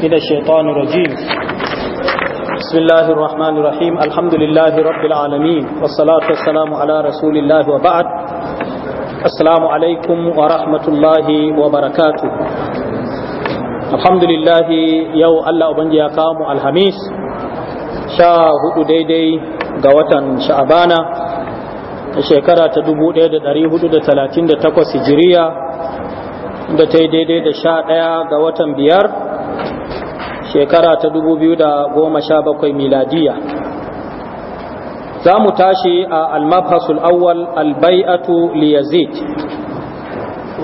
Ni da shaitanu rajim. Bismillahirrahmanirrahim, alhamdulillahi rabbil alamin, wassalatu wassalamu wa rahmatullahi wa barakatu. Alhamdulillahi yau Allah Ubangi ya kamu alhamis, sha hudu daidai ga watan sha'abana, da shekara ta dubu ɗaya da ɗari hudu da talatin da takwas da ta daidai da sha ɗaya ga watan biyar shekara ta da goma sha bakwai miladiya za mu tashi a almafasul awwal albai'atu li yazid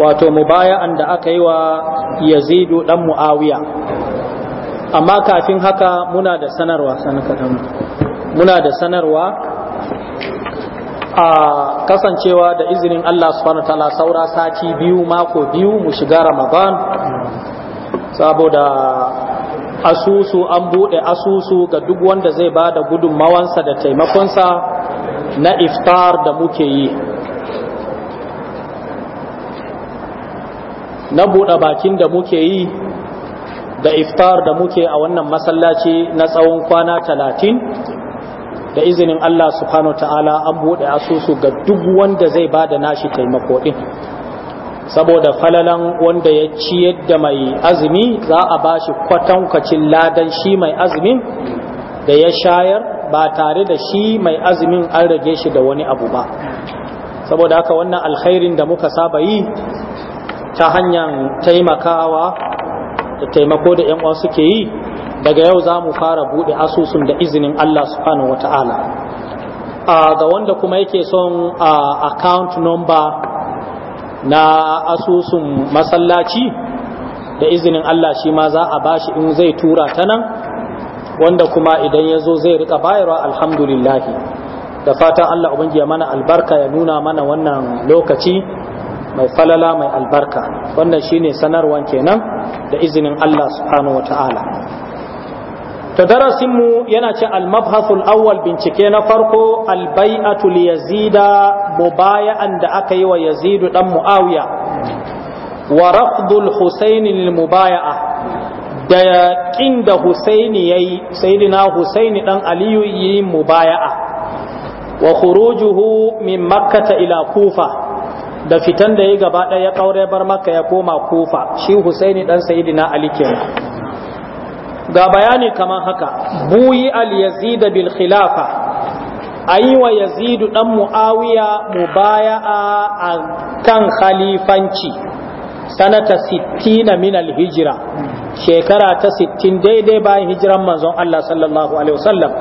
wato mubaya'an da aka yi wa yazidu dan mu'awiya amma kafin haka muna da sanarwa muna da sanarwa a kasancewa da izinin Allah subhanahu wa ta'ala saura sati biyu mako biyu mu shiga ramadan saboda asusu an buɗe asusu ga duk wanda zai ba da gudunmawansa da taimakonsa na iftar da muke yi na buɗe bakin da muke yi da iftar da muke a wannan masallaci na tsawon kwana talatin da izinin Allah subhanahu ta'ala an buɗe asusu ga duk wanda zai ba da nashi taimako ɗin saboda falalan wanda ya ciyar da mai azumi za a ba shi kwatankwacin ladan shi mai azumin da ya shayar ba tare da shi mai azumin an rage shi da wani abu ba saboda haka wannan alkhairin da muka saba yi ta hanyar taimakawa da taimako da yan suke yi daga yau za mu fara buɗe asusun da izinin Allah subhanahu wata'ala ah, ga wanda kuma yake son ah, account number na asusun masallaci da izinin Allah shi ma za a bashi in zai tura ta nan wanda kuma idan ya zo zai rika bayarwa alhamdulillahi da fatan Allah ubangi ya mana albarka ya nuna mana wannan lokaci mai falala mai albarka wannan shine sanarwan kenan da izinin Allah subhanahu Ta darasin darasinmu yana ce al-mabhasul awwal bincike na farko al-bai'atu li yazida mubaya'an da aka yi wa yazidu dan mu'awiya wa rafdul husaini lil mubaya'a da da husaini yayi yi husaini dan aliyu yi mubaya'a wa khurujuhu min makkata ila kufa da fitan da ya gaba ɗaya ya kaure bar makka ya koma kufa shi husaini dan sayidina ali kenan ga bayani kamar haka buyi al yazid bil khilafa a yi wa yazidu ɗan mu'awiya mubaya'a a kan khalifanci sanata 60 minal hijira shekara ta 60 daidai bayan hijiran manzon Allah sallallahu alaihi wasallam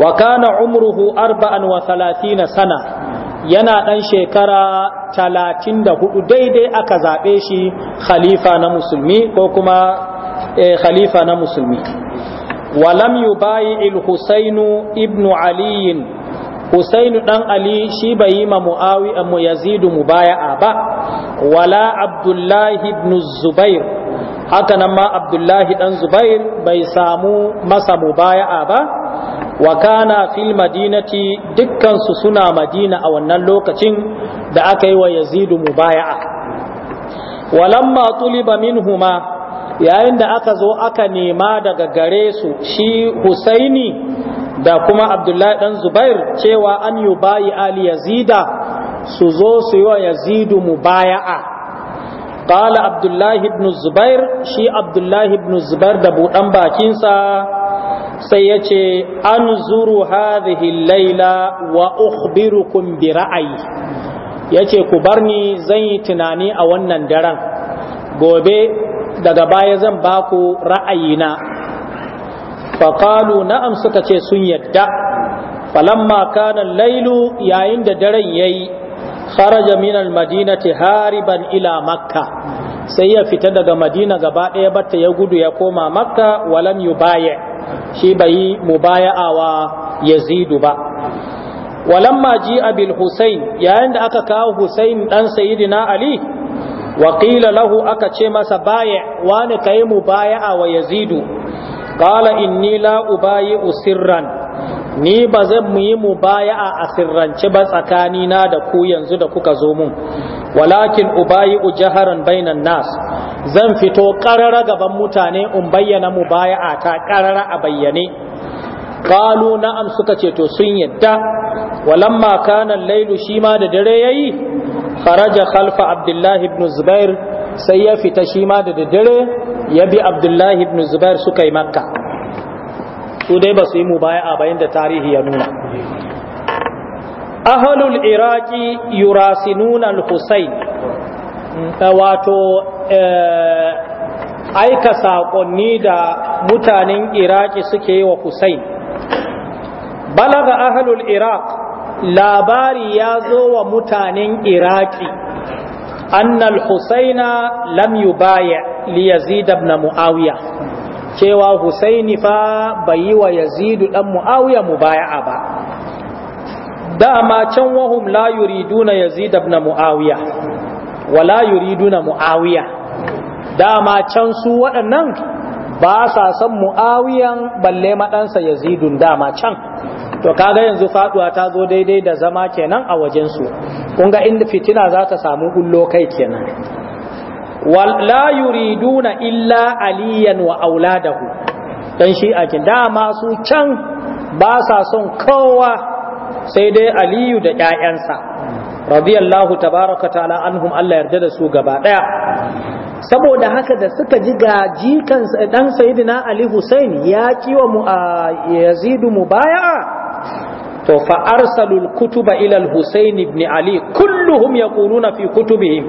wa kana umruhu 34 sana yana ɗan shekara 34 daidai aka zaɓe shi khalifa na musulmi ko kuma eh, khalifa na musulmi walam yu il husainu ibnu aliyin husainu ɗan ali shi bai yi ma muawiya mu yazidu mubaya'a ba wala abdullahi ibn zubair haka nan ma abdullahi dan zubair bai samu masa mubaya'a ba wa kana fil madinati dukkan su suna madina a wannan lokacin da aka yi wa yazidu mubaya'a walamma tuliba minhuma yayin da aka zo aka nema daga gare su shi husaini da kuma abdullahi dan zubair cewa an yi bayi ali yazida su zo su yi wa yazidu mubaya'a baya'a. عبد Abdullahi بن الزبير shi Abdullahi الله بن da buɗan bakinsa sai yace anzuru hadhihi al-laila wa ukhbirukum bi ra'ayi yace ku barni zan yi tunani a wannan daren gobe daga baya zan ba ku ra'ayina faƙalu na'am suka ce sun yadda falamma kana lailu yayin da daren yayi kharaja min madinati hariban ila makka sai ya fita daga madina gaba ɗaya batta ya gudu ya koma makka walam yubaya shi bai mubaya'awa yazidu ba walamma ji abil husain yayin da aka kawo husain dan sayyidina ali Wakila lahu aka ce masa baya wani ka yi mu baya a wa yazidu ƙala inni la'u bayi usirran ni ba zan mu yi mu a sirrance ba tsakani na da ku yanzu da kuka zo mun walakin ubayi jaharan bainan nas zan fito ƙarara gaban mutane in bayyana mu ta ƙarara a bayyane Kalu na'am suka ce to sun yadda walamma kana lailu shi ma da dare yayi faraja khalfa abdullahi ibn zubair sai ya fita shi ma da daddare ya bi abdullahi ibn zubair suka yi makka su dai ba su yi a bayan da tarihi ya nuna ahalul iraki yurasinuna al-husayn eh, wato eh, aika saƙonni da mutanen iraki suke yi wa husayn balaga ahalul iraq labari ya zo wa mutanen iraki annal husaina lam yubaya li yazid ibn muawiya cewa husaini fa bai yi wa yazid dan muawiya mubaya'a ba dama can wahum la yuriduna yazid ibn muawiya wala yuriduna muawiya dama can su waɗannan ba sa son muawiyan balle madansa yazidun dama can to kaga yanzu faduwa ta zo daidai da zama kenan a wajen su kun inda fitina za ta samu ullo kai kenan la yuriduna illa aliyan wa auladahu dan shi a dama su can ba sa son kowa sai dai aliyu da ƴaƴansa radiyallahu tabaraka ta'ala anhum Allah yarda da su gaba daya saboda haka da suka ji ga jikan dan sayyidina ali husain ya kiwa mu a yazidu mubaya'a to fa arsalul kutuba ila al husain ibn ali kulluhum yaquluna fi kutubihim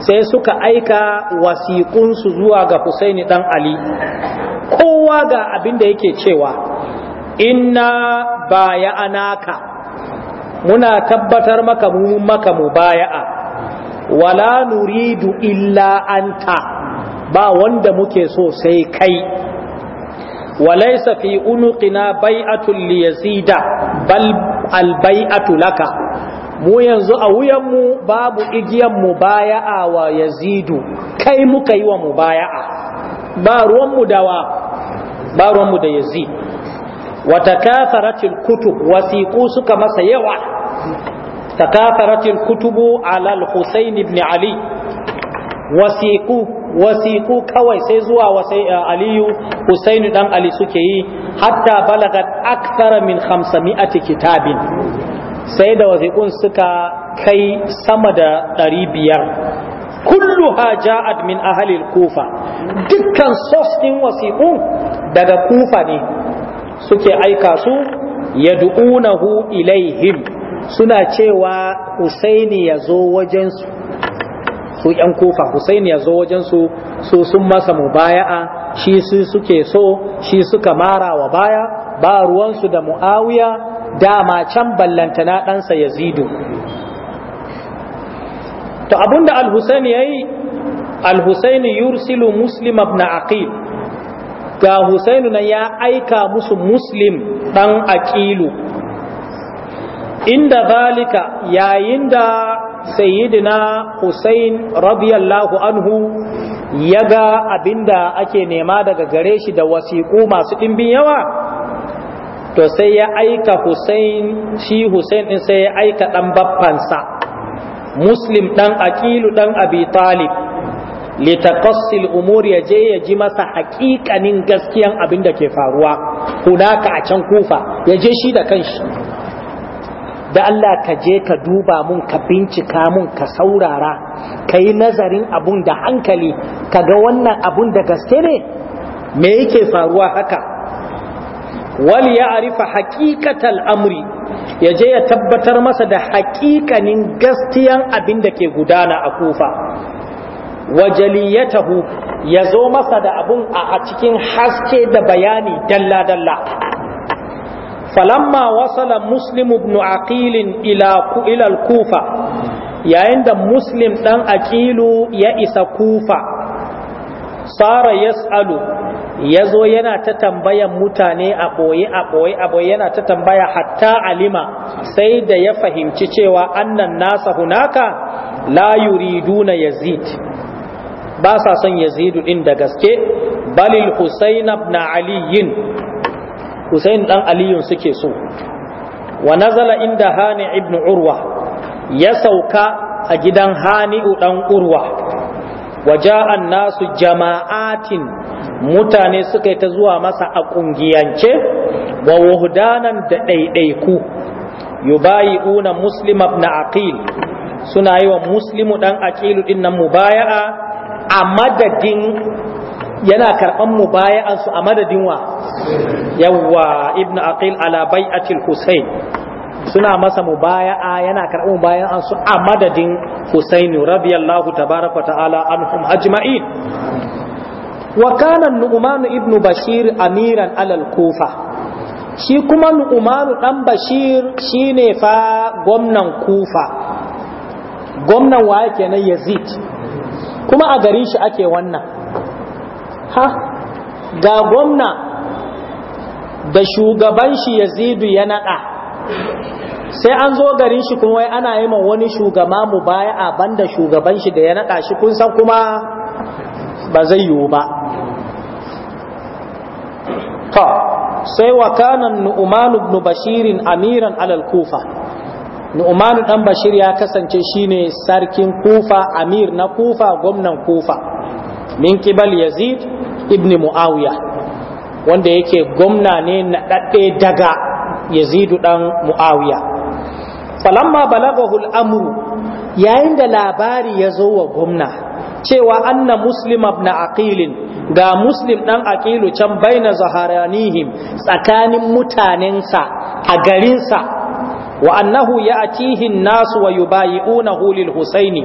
sai suka aika wasiqun su zuwa ga husaini dan ali kowa ga abinda yake cewa inna anaka? muna tabbatar maka mu maka mubaya'a wala nuridu illa anta ba wanda muke so sai kai walaisa fi unuqina li yazida bal albai'atu laka mu yanzu a wuyan mu babu igiyan mu baya'a wa yazidu kai muka yi wa mubaya'a ba ruwanmu dawa ba ruwanmu da yazid wata takatharatil kutub wasiƙu suka masa yawa تكاثرت kutubu على الحسين بن علي wasiku wasiku kawai sai zuwa aliyu husainu dan ali suke yi hatta balagat akthara min 500 kitabin sai da wasiqun suka kai sama da ɗari biyar. Kullu ja'at min ahli al-kufa dukkan source din daga kufa ne suke aika su yad'unahu ilaihim suna cewa Husaini ya wajen su su yan kofa Husaini yazo wajen su su sun masa mubaya'a shi su suke so shi suka mara wa baya ba ruwansu da Muawiya dama can ballantana ɗansa Yazidu to abunda Al-Husaini yayi Al-Husaini yursilu Muslim ibn Aqil ga Husainu nan ya aika musu muslim ɗan aƙilu inda zalika yayin da sayyidina Husain radiyallahu anhu ya ga abinda ake nema daga gare shi da wasiƙu masu ɗimbin yawa to sai ya aika Husain shi Husain ɗin sai ya aika ɗan baffansa muslim ɗan aƙilu ɗan abi talib litaqassil umur ya je ya ji masa haƙiƙanin gaskiyan abin da ke faruwa hunaka a can kufa ya je shi da kanshi da Allah ka je ka duba mun ka bincika mun ka saurara ka yi nazarin abun da hankali ka ga wannan abun da gaske ne me yake faruwa haka wal ya arifa haƙiƙatal amri ya je ya tabbatar masa da haƙiƙanin gaskiyan abin da ke gudana a kufa wajaliyatahu ya zo masa da abun a cikin haske da bayani dalla-dalla falamma wasala muslim ibn aqilin ila al-kufa yayin da muslim dan aqilu ya isa kufa sara yas'alu ya zo yana ta tambayan mutane a ɓoye a ɓoye a ɓoye yana ta tambaya hatta alima sai da ya fahimci cewa annan nasa hunaka la yuriduna yazid ba sa son yazidu din da gaske balil husayn ibn aliyin husain dan aliyun suke so wa nazala inda hani ibn urwa ya sauka a gidan hani'u dan urwa waja'an nasu jama'atin mutane suka ta zuwa masa a kungiyance wa wuhdanan da ɗaiɗaiku yubayi'una muslim ibn aqil suna yi wa muslimu dan aqilu din nan mubaya'a a madadin yana karɓan mu baya su a madadin wa yawwa ibn aqil ala bai'atil husayn suna masa mu baya a yana karɓar mubaya'an su a madadin Husaini radiyallahu tabaraka ta'ala anhum ajma'in wa kana Nu'man ibn Bashir amiran alal Kufa shi kuma Nu'man dan Bashir shine fa gwamnan Kufa gwamnan wa waye na Yazid kuma a gari shi ake wannan ha ga gwamna da shugaban shi yazidu ya naɗa sai an zo garin shi kuma ana yi ma wani shugaba mu baya a banda shugaban shi da ya naɗa shi kun san kuma ba zai yiwu ba ta sai wa kanan nu'umanu bashirin amiran alal kufa Nu'manu dan Bashir ya kasance shine sarkin Kufa amir na Kufa gwamnan Kufa min kibal Yazid ibn Muawiya wanda yake gwamna ne na dadde daga Yazidu dan Muawiya falamma balaghahu al-amru yayin da labari ya zo wa gwamna cewa anna muslim ibn Aqil ga muslim dan aqilu can baina zaharanihim tsakanin mutanensa a garinsa wa annahu a an-nasu wa yubayi'unahu lil husaini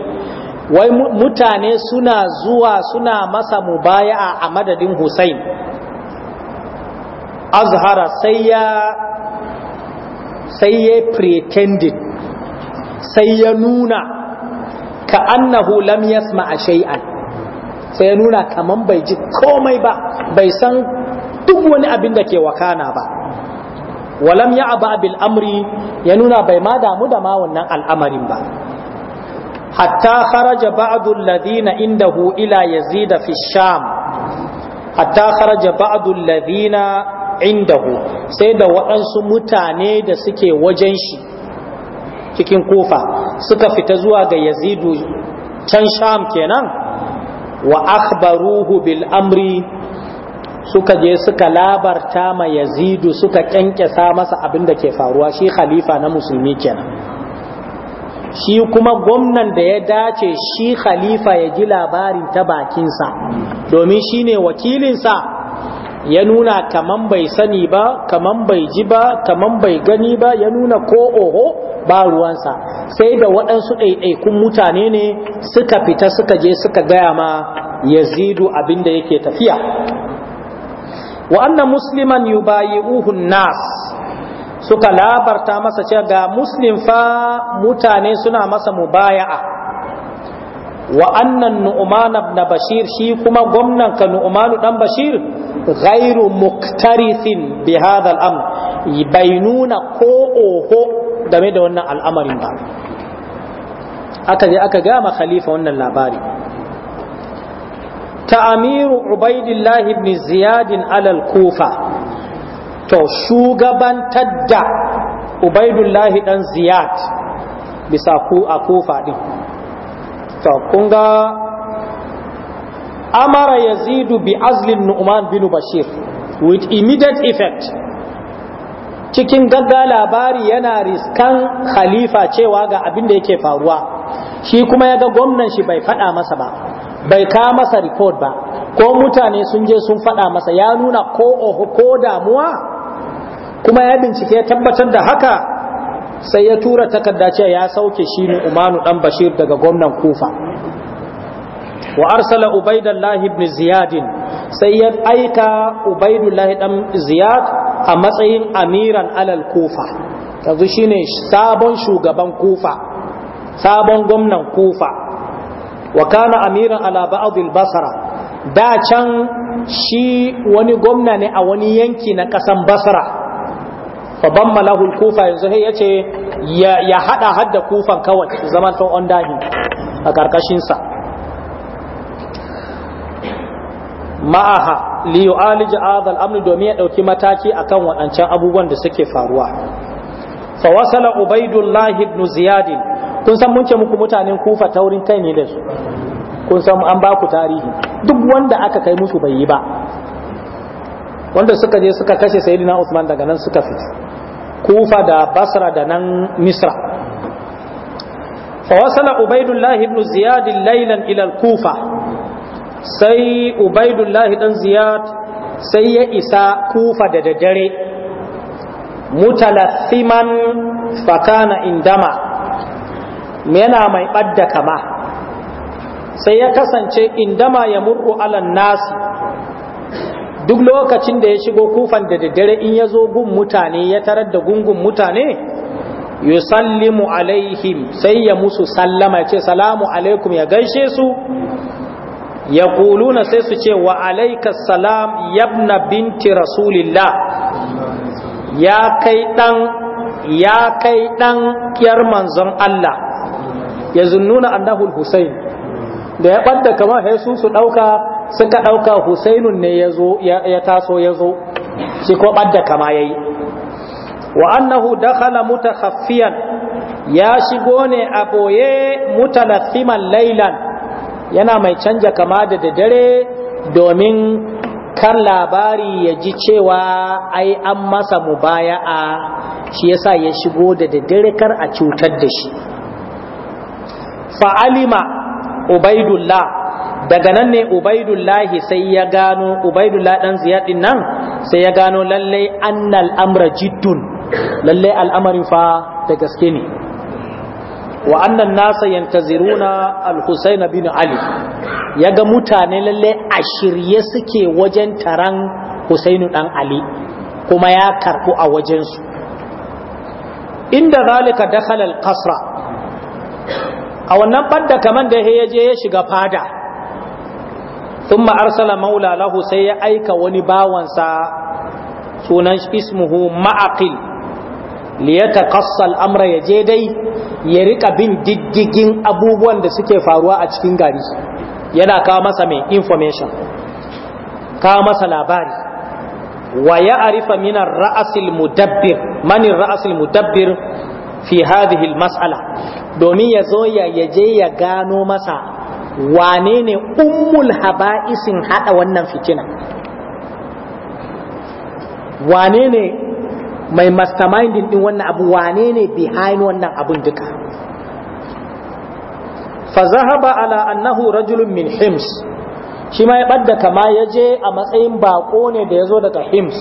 wai mutane suna zuwa suna masa mubaya'a a madadin husain azhara sai ya sai ya pretended sai ya nuna ka annahu lam yasma shay'an sai ya nuna kaman bai ji komai ba bai san duk wani abin da ke wakana ba walam ya aba bil amri ya nuna bai ma damu da ma wannan al'amarin ba hatta kharaja ba'du alladhina indahu ila yazid fi sham hatta kharaja ba'du alladhina indahu sai da waɗansu mutane da suke wajen shi cikin kufa suka fita zuwa ga yazidu can sham kenan wa akhbaruhu bil amri suka je suka labarta ma yazidu suka kyankyasa masa abin da ke faruwa shi khalifa na musulmi kenan shi kuma gwamnan da ya dace shi khalifa ya ji labarin ta bakinsa domin shi ne wakilinsa ya nuna kaman bai sani ba kaman bai ji ba kaman bai gani ba ya nuna ko oho ba ruwansa sai da waɗansu ɗaiɗaikun mutane ne suka fita suka je suka gaya ma yazidu abin da yake tafiya wa anna musliman yubayi'uhu nas suka labarta masa cewa ga muslim fa mutane suna masa mubaya'a wa annan nu'man ibn bashir shi kuma gwamnan ka nu'man dan bashir ghairu muktarithin bi hadha al-amr bai nuna ko oho game da wannan al'amarin ba aka je aka gama khalifa wannan labari ta'amiru ubaidillahi ibn ziyadin alal kufa to shugabantar da ubaidullahi dan ziyad bisa ku a kufa din to kun ga amara yazidu bi azlin nu'man bin bashir with immediate effect cikin gagga labari yana riskan khalifa cewa ga abin da yake faruwa shi kuma ya ga gwamnan shi bai faɗa masa ba bai ka masa report ba ko mutane sun je sun faɗa masa ya nuna ko oho ko damuwa kuma ya bincike ya tabbatar da haka sai ya tura takarda cewa ya sauke shi ne umanu dan bashir daga gwamnan kufa wa arsala ubaidallahi ibn ziyad sai ya aika ubaidullahi dan ziyad a matsayin amiran alal kufa yanzu shine sabon shugaban kufa sabon gwamnan kufa wa kana amiran ala ba'd basara da can shi wani gwamna ne a wani yanki na kasan basra fa bamma kufa yanzu sai yace ya, haɗa hada hadda kufan kawai zaman ton on dahi a karkashin ma'aha li yu'alij adal al domin ya ɗauki mataki akan waɗancan abubuwan da suke faruwa fa wasala ubaidullah ibn ziyad kun san mun ce muku mutanen kufa taurin kai ne da su kun san an ba ku tarihi duk wanda aka kai musu bai yi ba wanda suka je suka kashe sayyidina usman daga nan suka fita kufa da basra da nan misra fa wasala ubaidullah ibn ziyad laylan ila kufa sai ubaidullah dan ziyad sai ya isa kufa da daddare mutalathiman fakana indama yana mai ɓadda kama sai ya kasance indama ya murru alan nasi duk lokacin da ya shigo kufan da daddare in ya zo gun mutane ya tarar da gungun mutane yusallimu alaihim sai ya musu sallama ya ce salamu alaikum ya gaishe su ya kuluna sai su ce wa alaikas salam yabna binti rasulillah ya kai ɗan ya kai dan kiyar manzon Allah ya zunnuna al Husain da ya ɓadda kamar sai su ɗauka suka ɗauka Husainun ne ya taso yazo zo shi ko ɓadda kama yayi wa annahu dakhala mutakhaffiyan ya shigo ne a ɓoye mutalathiman lailan yana mai canja kama da dare domin kan labari ya ji cewa ai an masa mubaya'a shi yasa ya shigo da daddare a cutar da shi fa'alima ubaidullah daga nan ne ubaidullahi sai ya gano ubaidullah dan ziyadin nan sai ya gano lallai annal amra jiddun lallai al'amarin fa da gaske ne wa annan nasa yantaziruna al-Husayn bin Ali yaga mutane lalle a shirye suke wajen taran Husainu dan Ali kuma ya karbu a wajen su inda zalika dakhala al-qasra a wannan fadda kaman da ya je ya shiga fada thumma arsala maula lahu sai ya aika wani bawansa sunan ismuhu ma'aqil liyataqassa al-amra yaje dai ya rika bin diddigin abubuwan da suke faruwa a cikin gari yana kawo masa mai information kawo masa labari wa ya arifa minar ra'asil mudabbir manin ra'asil mudabbir fi hadhihi mas'ala domin ya zo ya yaje ya gano masa wane ne ummul haba'isin hada wannan fitina wane ne mai masterminding din wannan abu wane ne behind wannan abun duka fa zahaba ala annahu rajulun min hims shi ma ya ɓadda kama ya je a matsayin baƙo ne da ya zo daga hims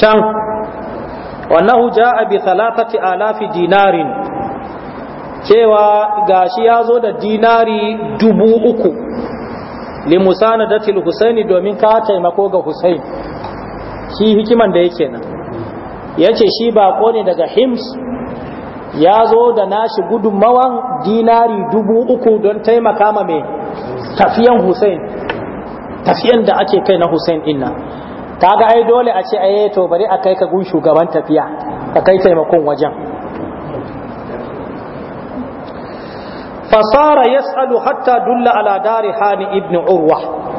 can wannahu ja'a bi thalathati alafi dinarin cewa shi ya zo da dinari dubu uku limusana datil husaini domin ka taimako ga Husaini, shi hikiman da yake nan Yace shi bako ne daga hims ya zo da nashi gudunmawan dinari dubu uku don taimaka ma mai tafiyan hussein tafiyan da ake kai na hussein inna ga ai dole a ce aye to bari a kai ka gun shugaban tafiya ka kai taimakon wajen fasara ya tsalu hatta dulla aladari hani ibn urwa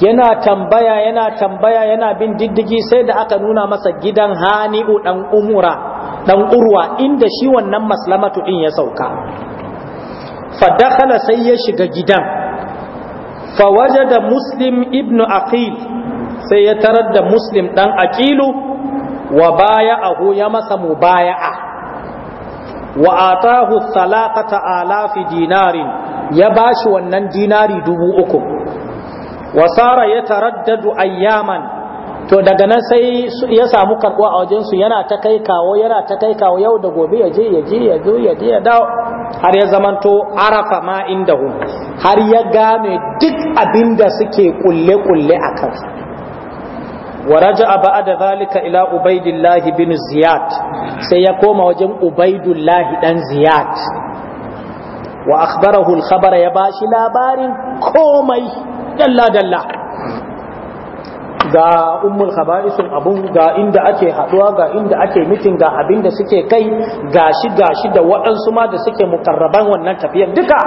yana tambaya yana tambaya yana bin diddigi sai da aka nuna masa gidan hani'u dan umura dan urwa inda shi wannan maslamatu din ya sauka fa dakhala sai ya shiga gidan fa wajada muslim ibnu aqil sai ya tarar da muslim dan aqilu wa baya baya'ahu ya masa mubaya'a wa atahu salaqata alafi dinarin ya bashi wannan dinari dubu uku wasara ya taraddadu ayyaman to daga nan sai ya samu karbuwa a wajensu yana ta kai kawo yana ta kai kawo yau da gobe ya je ya je ya zo ya je ya dawo har ya zamanto arafa ma inda hun har ya game duk abin da suke kulle kulle a kansa wa raja'a ba'da zalika ila ubaidillah bin ziyad sai ya koma wajen ubaidullah dan ziyad wa akhbarahu al-khabara ya bashi labarin komai dalla dalla ga ummul khaba'isun abun ga inda ake haduwa ga inda ake mitin ga abin da suke kai gashi gashi da waɗansu ma da suke mukarraban wannan tafiyar duka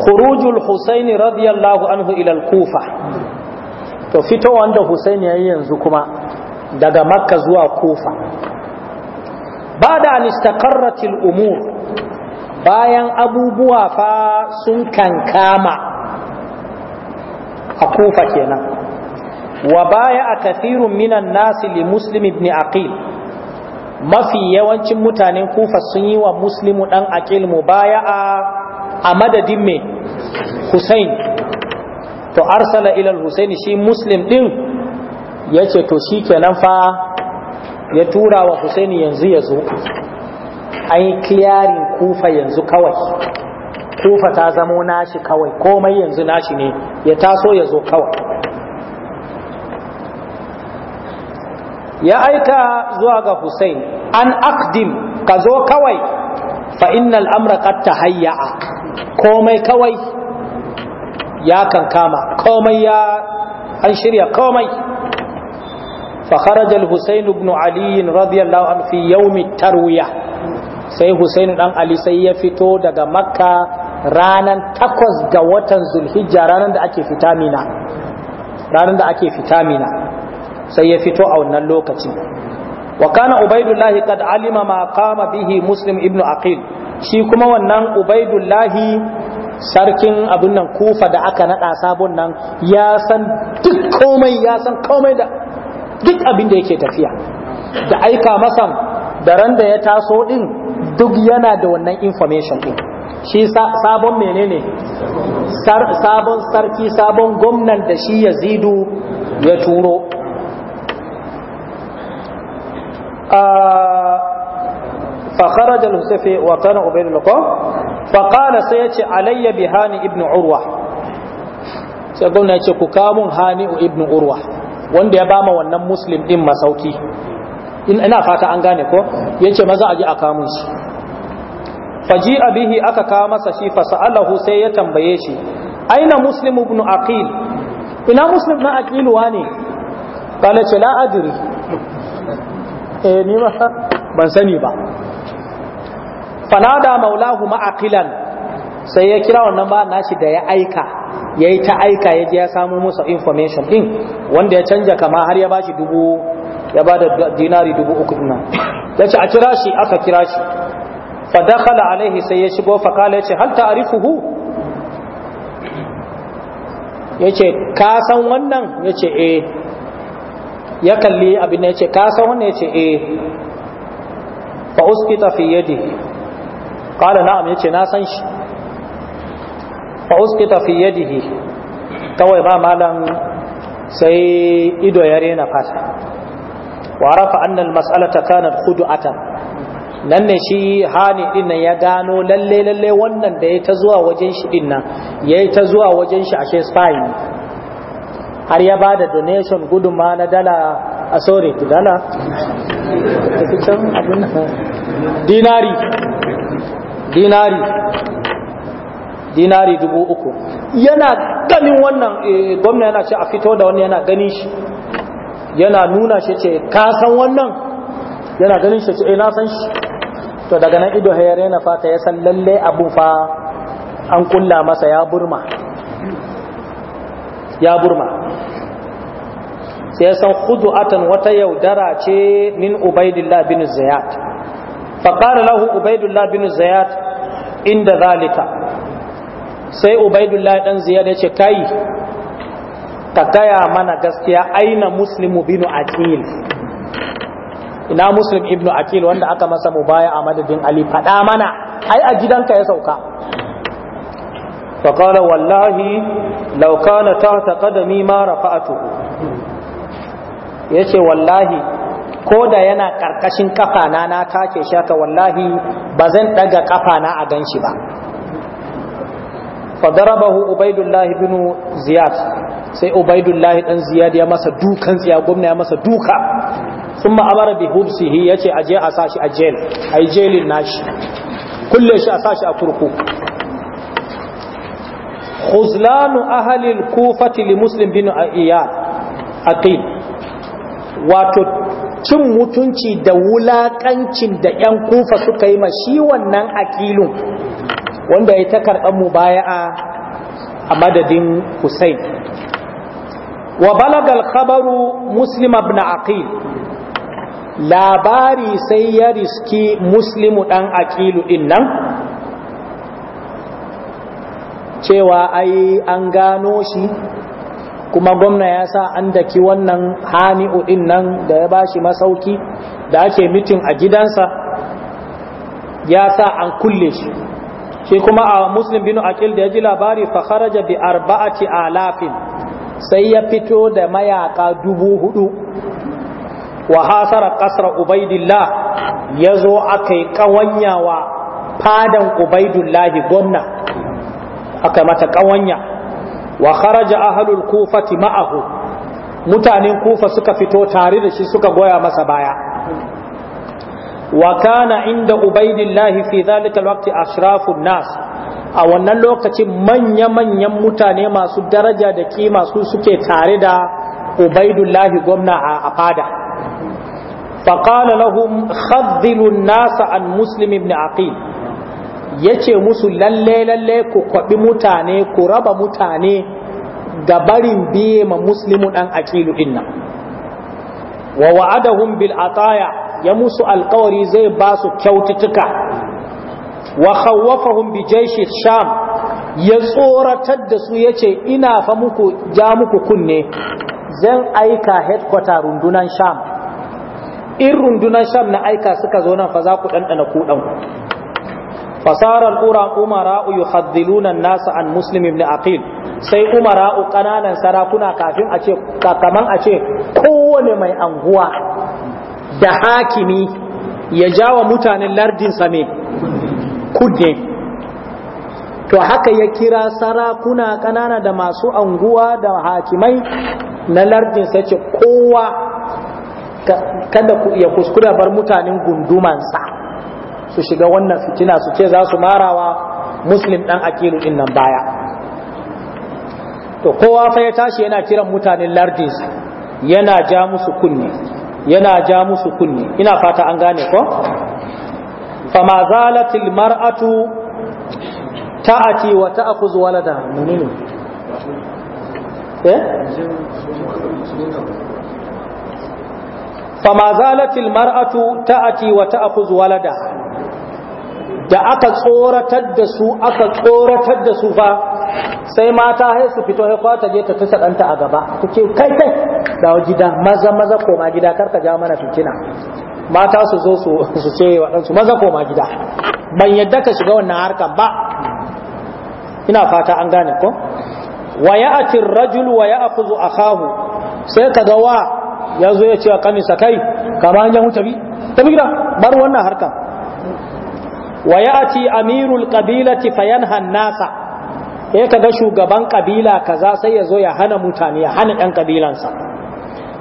khurujul husaini radiyallahu anhu ila al-kufa to fitowan da husaini yayi yanzu kuma daga makka zuwa kufa bada an istaqarrat al-umur bayan abubuwa fa sun kankama a kufa kenan wa baya a kafirun minan nasi li muslim ibn aqil mafi yawancin mutanen kufa sun yi wa muslimu dan aqil mu baya a madadin me Hussein to arsala ilal Hussein shi muslim din yace to shi kenan fa ya tura wa Hussein yanzu ya zo an yi clearing kufa yanzu kawai kufa ta zamo nashi kawai komai yanzu nashi ne ya taso ya zo kawai ya aika zuwa ga Hussein an akdim ka zo kawai fa innal amra katta tahayya'a komai kawai ya kan kama komai ya an shirya komai fa kharaja al-Husayn ibn Ali radiyallahu an fi yaumi tarwiyya. sai Husainu dan Ali sai ya fito daga Makka ranan takwas ga watan Zulhijja ranan da ake fita Mina ranan da ake fita Mina sai ya fito a wannan lokaci wa kana Ubaidullahi kad alima ma qama bihi Muslim ibn Aqil shi kuma wannan Ubaidullahi sarkin abun nan Kufa da aka nada sabon nan ya san duk komai ya san komai da duk abin da yake tafiya da aika masa da ran da ya taso din duk yana da wannan information din shi sabon menene sabon sarki sabon gwamnan da shi yazidu ya turo فخرج الحسفي وكان عبيد الله فقال سيأتي علي بهاني Hani, Ibn sai gwamna ya ce ku kawo mun hani ibn urwa wanda ya bama wannan muslim din masauki ina fata an gane ko yace maza aje a kamun shi faji abihi aka kawo masa shi fa sa'alahu sai ya tambaye shi aina muslim ibn aqil ina muslim na aqil wane kana ce la adri eh ni ma ban sani ba fanada maulahu aqilan sai ya kira wannan ba nashi da ya aika yayi ta aika ya je ya samu musa information din wanda ya canja kama har ya bashi dubu ya ba da dinari dubu uku dinnan ya ce a kira shi aka kira shi fa dakhala alaihi sai ya shigo fa kala ya ce hal ta'rifuhu ya ce ka san wannan ya ce eh ya kalli abin da ya ce ka san wannan ya ce eh fa uskita fi yadi kala na'am ya ce na san shi fa uskita fi yadihi kawai ba malam sai ido ya rena fata wa rafa annal mas'alata kanat khudu'atan nan ne shi hani din nan ya gano lalle lalle wannan da ya ta zuwa wajen shi din nan yayi ta zuwa wajen shi ashe spy ne har ya ba da donation guduma na dala a sorry dala dinari dinari dinari dubu uku yana ganin wannan eh, gwamna yana ce a fito da wani yana ganin shi yana nuna shi ce ka wannan yana ganin shi ce eh, na san shi to daga nan ido hayar yana fata ya san lalle abun fa an kulla masa ya burma ya burma sai ya san khudu'atan wata yaudara ce min ubaidillah bin ziyad fa qala lahu ubaidillah bin ziyad inda zalika sai ubaidillah dan ziyad ya ce kai ka gaya mana gaskiya aina muslimu binu aqil ina muslim ibnu Akil wanda aka masa mubaya a madadin ali faɗa mana ai a gidanka ya sauka فقال والله لو كان تحت قدمي ما رفعته yace wallahi ko da yana ƙarƙashin kafana na take shaka wallahi ba zan daga kafana a ganshi ba فضربه عبيد الله بن زياد sai ubaidullahi dan ziyad ya masa dukan tsiya gwamna ya masa duka sun ma'amara bi hubsihi ya ce aje a sashi a jail a yi jailin nashi kulle shi a sashi a kurku khuzlanu ahalil kufati li muslim bin iyad aqil wato cin mutunci da wulakancin da yan kufa suka yi ma shi wannan aqilun wanda ya ta karɓar mubaya'a a madadin Hussein wa balagal khabaru muslim ibn aqil labari sai ya riski muslimu dan aqilu din cewa ai an gano shi kuma gwamna ya sa an daki wannan hani'u din nan da ya bashi masauki da ake mitin a gidansa ya sa an kulle shi shi kuma a muslim bin aqil da ya ji labari fa kharaja bi arba'ati alafin sai ya fito da mayaka dubu hudu wa hasara kasar ubaidillah ya zo aka yi kawanya wa fadan ubaidullahi gwamna aka mata kawanya wa kharaja ahlul kufati ma'ahu mutanen kufa suka fito tare da shi suka goya masa baya wa kana inda ubaidillahi fi zalika alwaqti ashrafun nas a wannan lokacin manya-manyan mutane masu daraja da kima su suke tare da ubaidullahi gwamna a fada faƙala lahum khadzilun nasa an muslim ibn aqil ya ce musu lalle-lalle ku kwaɓi mutane ku raba mutane ga barin biye ma muslimu ɗan aqilu inna wa wa'adahum bil ataya ya musu alkawari zai ba su kyaututtuka wa khawwafahum bi jayshi sham ya tsoratar da su yace ina fa muku ja muku kunne zan aika headquarter rundunan sham in rundunan sham na aika suka zo nan fa za ku ɗanɗana kuɗan fasara al'ura umara'u yuhaddiluna nasa an muslim ibn aqil sai umara'u ƙananan sarakuna kafin a ce kaman a ce kowane mai anguwa da hakimi ya jawa mutanen lardinsa ne kud to haka ya kira sarakuna kanana da masu anguwa da hakimai na lardin sace ce kowa kada ya kuskura bar mutanen gundumansa su shiga wannan fitina su ce za su marawa muslim dan akilu din nan baya to kowa fa ya tashi yana kiran mutanen lardinsa yana ja musu kunne yana ja musu kunne ina fata an gane ko فما زالت mar'atu ta'ati wa ta'khudhu منين menene فما زالت zalatil mar'atu ta'ati wa da aka tsoratar da su aka tsoratar da su fa sai mata sai su fito sai kwata je ta tusa danta a gaba kace kai kai dawo gida maza maza koma gida karka ja mana fitina mata su zo su ce waɗansu maza koma gida ban yadda ka shiga wannan harkar ba ina fata an gane ko wa cin rajul wa a kahu sai kaga wa zo ya ce wa kanisa kai kama an yahu tabi bi gida bar wannan harkar wa ci amirul qabilati fayanha hannasa? nasa sai kaga shugaban kabila kaza sai ya zo ya hana mutane ya hana ɗan kabilansa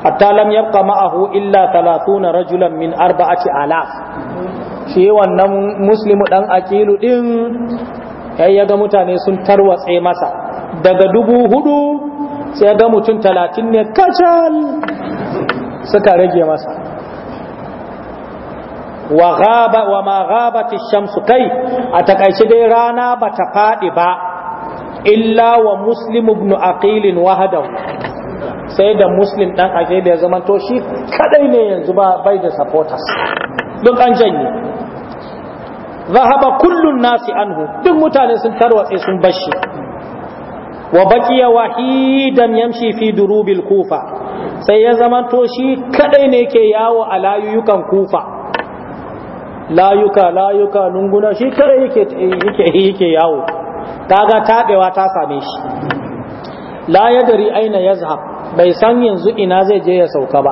hatta lam yabqa ma'ahu illa 30 rajulan min arba'ati alaf shi wannan muslimu dan akilu din ya ga mutane sun tarwatse masa daga dubu hudu sai ga mutum talatin ne kacal suka rage masa wa ma ghabati shamsu kai a takaice dai rana bata faɗi ba illa wa muslim ibn aqil wahdahu sai da muslim ɗan ake da ya zama to shi kadai ne yanzu ba bai da supporters duk an janye zahaba kullum nasi anhu duk mutane sun tarwatse sun bashi wa baqiya wahidan yamshi fi durubil kufa sai ya zama to shi kadai ne ke yawo a layukan kufa layuka layuka lunguna shi kare yake yake yake yawo kaga tabewa ta same shi la yadri aina yazhab bai san yanzu ina zai je ya sauka ba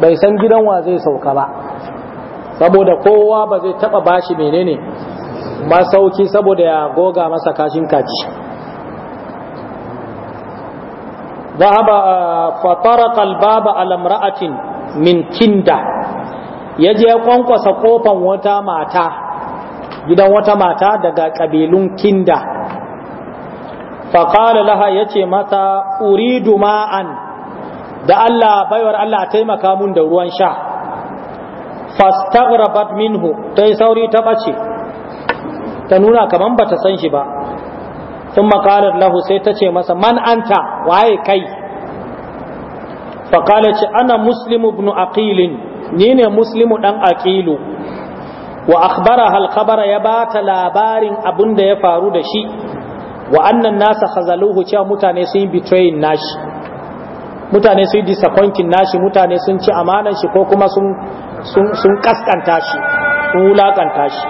bai san gidan wa zai sauka ba saboda kowa ba zai taba bashi menene masauki saboda ya goga masa kashin kaji ذهب فطرق الباب على min ya yaje ya kwankwasa kofan wata mata gidan wata mata daga kabilun kinda faƙala laha ya ce mata uridu da Allah baiwar Allah taimaka mun da ruwan sha fastaghrabat minhu ta yi sauri ta ɓace ta nuna kamar bata san shi ba sun makarar lahu sai ta ce masa man anta waye kai faƙala ce ana muslimu ibn aqilin ni ne muslimu ɗan aqilu wa akhbara hal ya ba ta labarin abin da ya faru da shi wa annan nasa khazaluhu cewa mutane sun yi betraying nashi mutane sun yi disappointing nashi mutane sun ci amanan shi ko kuma sun sun kaskanta shi sun wulakanta shi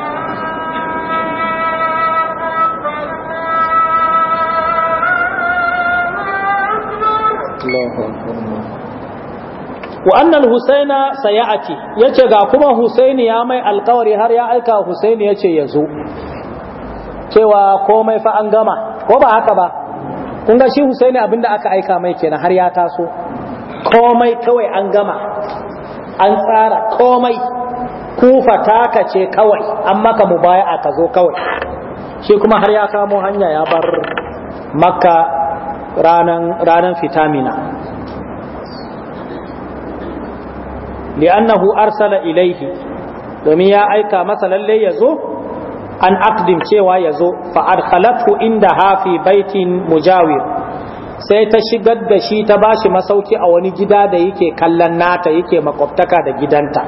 wa annal husaina sayati yace ga kuma husaini ya mai alkawari har ya aika husaini yace ya zo cewa komai fa an gama ko ba haka ba kun ga shi Husaini abinda aka aika mai kenan har ya taso komai kawai an gama an tsara komai kufa taka ce kawai an maka mubaya'a ka zo kawai shi kuma har ya kamo hanya ya bar makka ranan ranan fitamina li'annahu arsala ilaihi domin ya aika masa lalle ya zo an akdim cewa ya zo fa'adhalatu inda hafi baitin mujawir sai ta shigar da shi ta bashi masauki a wani gida da yake kallon nata yake makwabtaka da gidanta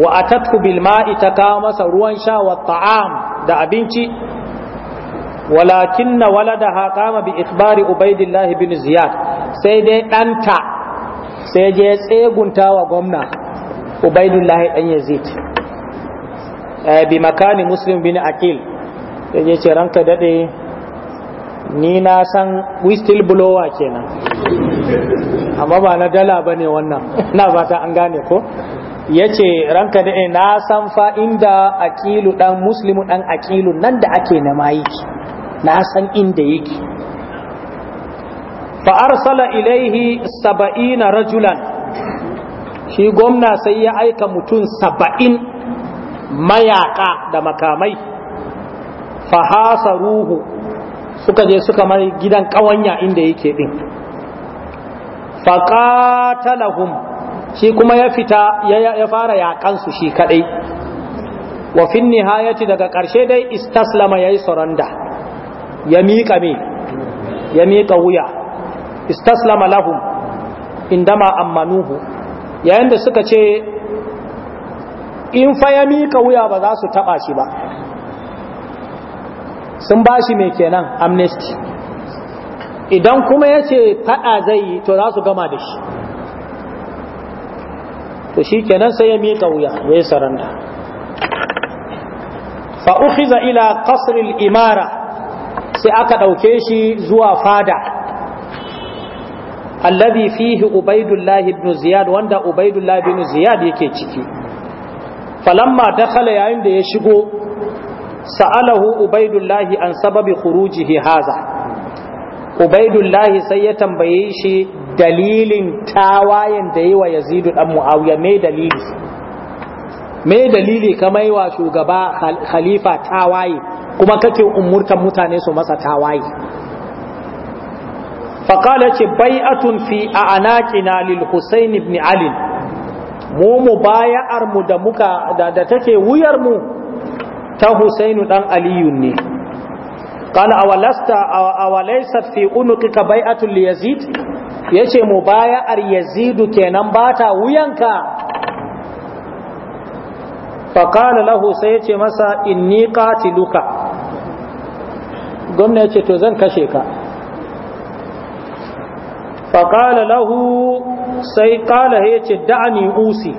wa Bilma'i ta kawo masa ruwan sha wa ta'am da abinci walakin na da haƙama bi ikhbari ubaidillahi bin ziyad sai dai ɗanta sai je tsegunta wa gwamna ubaidillahi ɗan yazid Eh, bi makani muslim bin akil da ya ce ranka daɗe ni na san whistle blower kenan amma ba na dala ba ne wannan na ta an gane ko ya ce ranka daɗe na san fa inda akilu ɗan muslimu ɗan akilu nan da ake na mayiki na san inda yake fa arsala ilaihi saba'ina rajulan shi gwamna sai ya aika mutum saba'in mayaka da makamai fahasa ruhu suka je suka mai gidan kawanya inda yake ɗin faƙatalahum shi kuma ya fita ya fara yaƙansu shi kaɗai wa fin nihayati daga ƙarshe dai istaslama ya yi soranda ya miƙa me ya miƙa wuya istaslama lahum indama ammanuhu yayin da suka ce in fa ya mika wuya ba za su taɓa shi ba sun ba shi mai kenan amnesty idan kuma ya ce faɗa zai yi to za su gama da shi to shi kenan sai ya mika wuya ya saranda fa'uhiza ila ƙasril imara sai aka ɗauke shi zuwa fada alladhi fihi ubaidullahi ibn ziyad wanda ubaidullahi ibn ziyad yake ciki falamma dakhala yayin da ya shigo sa'alahu ubaidullahi an sababi khurujihi haza ubaidullahi sai ya tambaye shi dalilin tawayen da yi wa yazidu dan muawiya me dalili me dalili kamar wa shugaba khalifa tawaye kuma kake umurtan mutane su masa tawaye faqala ce bai'atun fi a'naqina lil husayn ibn ali mu mu baya'ar da muka da, take wuyar ta Husainu dan Aliyu ne kana awalasta awalaysat fi unuqika bai'atu li Yazid yace mu baya'ar Yazidu kenan bata wuyanka kana lahu sai yace masa inni qatiluka gwamna yace to zan kashe ka kana lahu sai kala ya ce da'ani usi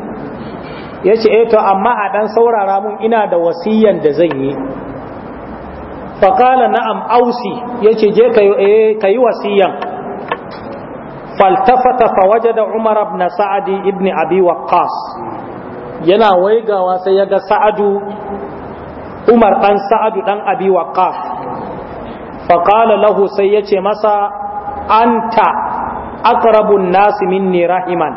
ya ce eh to amma a ɗan saurara mun ina da wasiyan da zan yi faƙala na'am ausi ya ce je eh, ka yi wasiyan faltafata fa da umar ibn sa'adi ibn abi waqqas yana waigawa sai ya ga sa'adu umar dan sa'adu ɗan abi waqqas faƙala lahu sai ya ce masa anta aqrabun nasi minni rahiman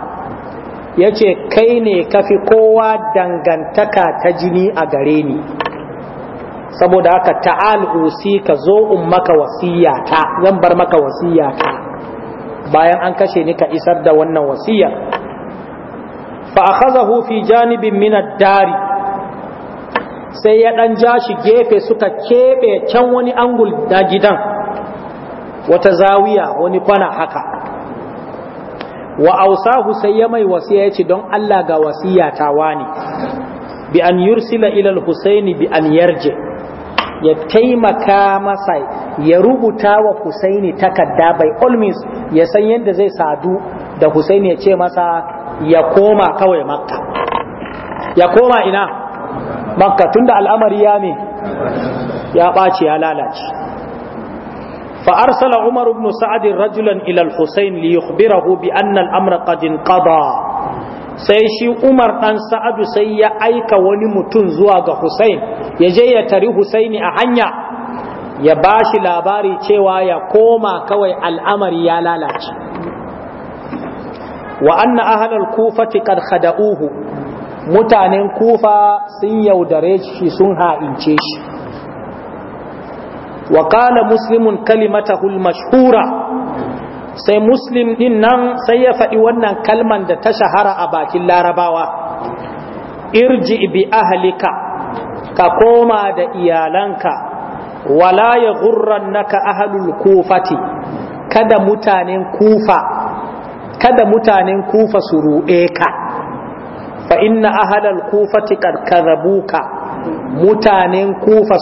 yace kai ne kafi kowa dangantaka ta jini a gare ni saboda haka ta'al usika zo in maka wasiyata zan bar maka wasiyata bayan an kashe ni ka isar da wannan wasiya fa akhazahu fi janibin min ad-dari sai ya dan ja shi gefe suka kebe can wani angul da gidan wata zawiya wani kwana haka wa ausahu sai ya mai wasiya yace don Allah ga wasiya ta wani bi an yursila ila al-husaini bi an yarje ya taimaka masa ya rubuta wa Husaini takarda bai means ya san yadda zai sadu da Husaini ya ce masa ya koma kawai makka ya koma ina makka tunda al'amari ya me ya ɓace ya lalace فأرسل عمر بن سعد رجلا إلى الحسين ليخبره بأن الأمر قد انقضى sai shi Umar ɗan Sa'adu sai ya aika wani mutum zuwa ga Hussein ya je ya tari Husaini a hanya ya bashi labari cewa ya koma kawai al'amari ya lalace wa anna ahlal kufati qad khada'uhu mutanen kufa sun yaudare shi sun ha'ince shi wa qala muslimun kalimatahu mashhura sai muslim din nan sai ya faɗi wannan kalman da ta shahara a bakin larabawa irji bi ahlika ka koma da iyalanka wala ya naka ahlul kufati kada mutanen kufa kada mutanen kufa su ruɗe ka fa inna ahlal kufati kad mutanen kufa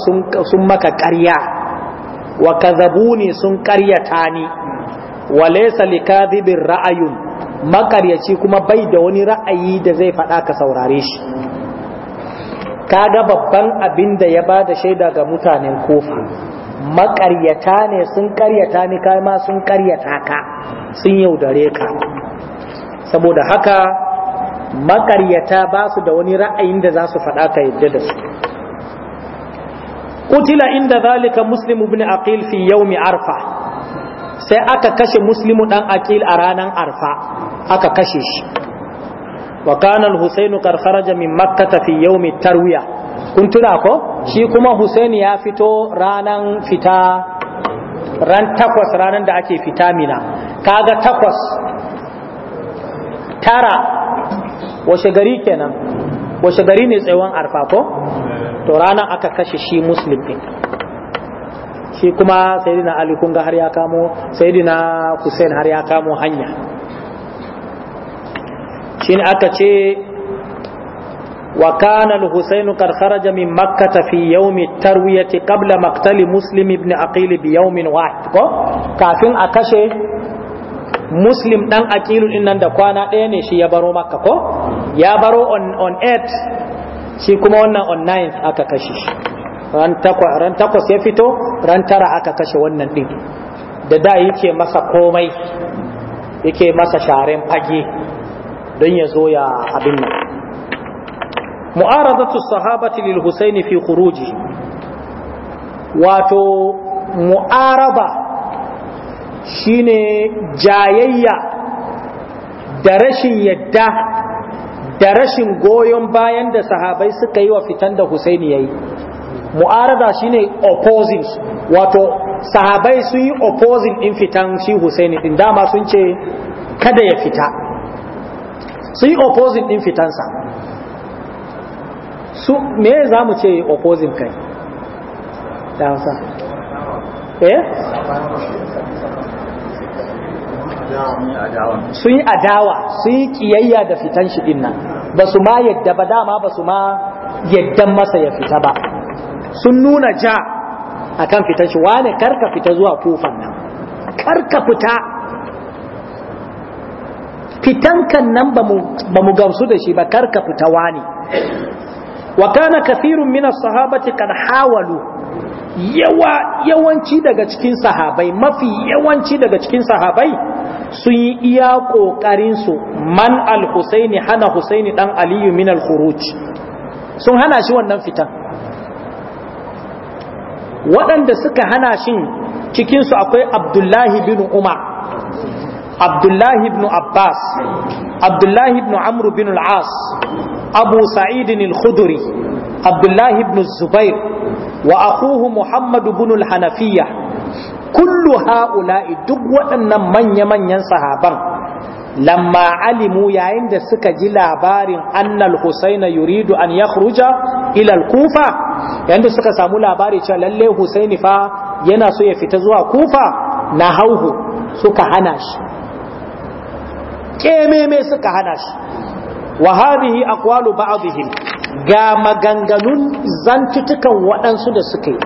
sun maka ƙarya wa ne sun karyata ni wa laysa likadhibir ra'ayun makaryaci kuma bai da wani ra'ayi da zai faɗa ka saurare shi kaga babban abin da ya bada shaida ga mutanen kofa makaryata ne sun karyata ni kai ma sun karyata ka sun yaudare ka saboda haka makaryata ba su da wani ra'ayin da za su faɗa ka yadda da su Kutila inda zalika muslim ibn aqil fi yawmi arfa sai aka kashe muslimu dan aqil a ranar arfa aka kashe shi wa kana al-husayn kar kharaja min makkah fi yawmi tarwiya kun tuna ko shi kuma husaini ya fito ranan fita ran takwas ranar da ake fita mina kaga takwas tara washe gari kenan washe gari ne tsawon arfa ko to ranar aka kashe shi muslim din shi kuma sayyidina ali kun ga har ya kamo sayyidina hussein har ya kamo hanya shi ne aka ce wa kana al-husayn qad kharaja min makkah fi yawm at-tarwiyah qabla maqtal muslim ibn aqil bi yawmin wahid ko kafin a kashe muslim dan aqil din nan da kwana ɗaya ne shi ya baro makkah ko ya baro on on shi kuma wannan on 9 aka kashe shi ran takwas ya fito ran tara aka kashe wannan din da da yake masa komai yake masa sharen fage don ya zo ya abin nan mu'aradatu sahabati lil husaini fi khuruji wato mu'araba shine jayayya da rashin yadda da rashin goyon bayan da sahabai suka yi wa fitan da Husaini yayi mu'arada shine opposing wato sahabai sun yi opposing in fitan shi Husaini din dama sun ce kada ya fita sun yi opposing din fitansa su me za mu ce opposing kai da eh sun yi adawa sun yi kiyayya da fitan shi din nan ba su ma yadda ba dama ba su ma yaddan masa ya fita ba sun nuna ja a kan fitan shi wane karka fita zuwa kofan nan karka fita fitankan nan ba mu gamsu da shi ba karka fita wane wa kana kafirun min sahabati kan hawalu yawa yawanci daga cikin sahabai mafi yawanci daga cikin sahabai sun yi iya kokarin man al-husaini hana husaini ɗan aliyu min al-khuruj sun hana shi wannan fitan waɗanda suka hana shin cikinsu akwai abdullahi bin umar abdullahi bin abbas abdullahi bin amru bin al-as abu sa'id al abdullahi bin zubair wa akhuhu Muhammad ibn al-Hanafiyya kullu haula'i duk waɗannan manya-manyan sahaban lamma alimu yayin da suka ji labarin annal Husaina yuridu an ilal kufa yayin suka samu labari cewa lallai Husaini fa yana so ya fita zuwa Kufa na hauhu suka hana shi Ƙememe suka hana shi wa hadhihi aqwalu ba'dihim ga maganganun zantutukan waɗansu da suka yi.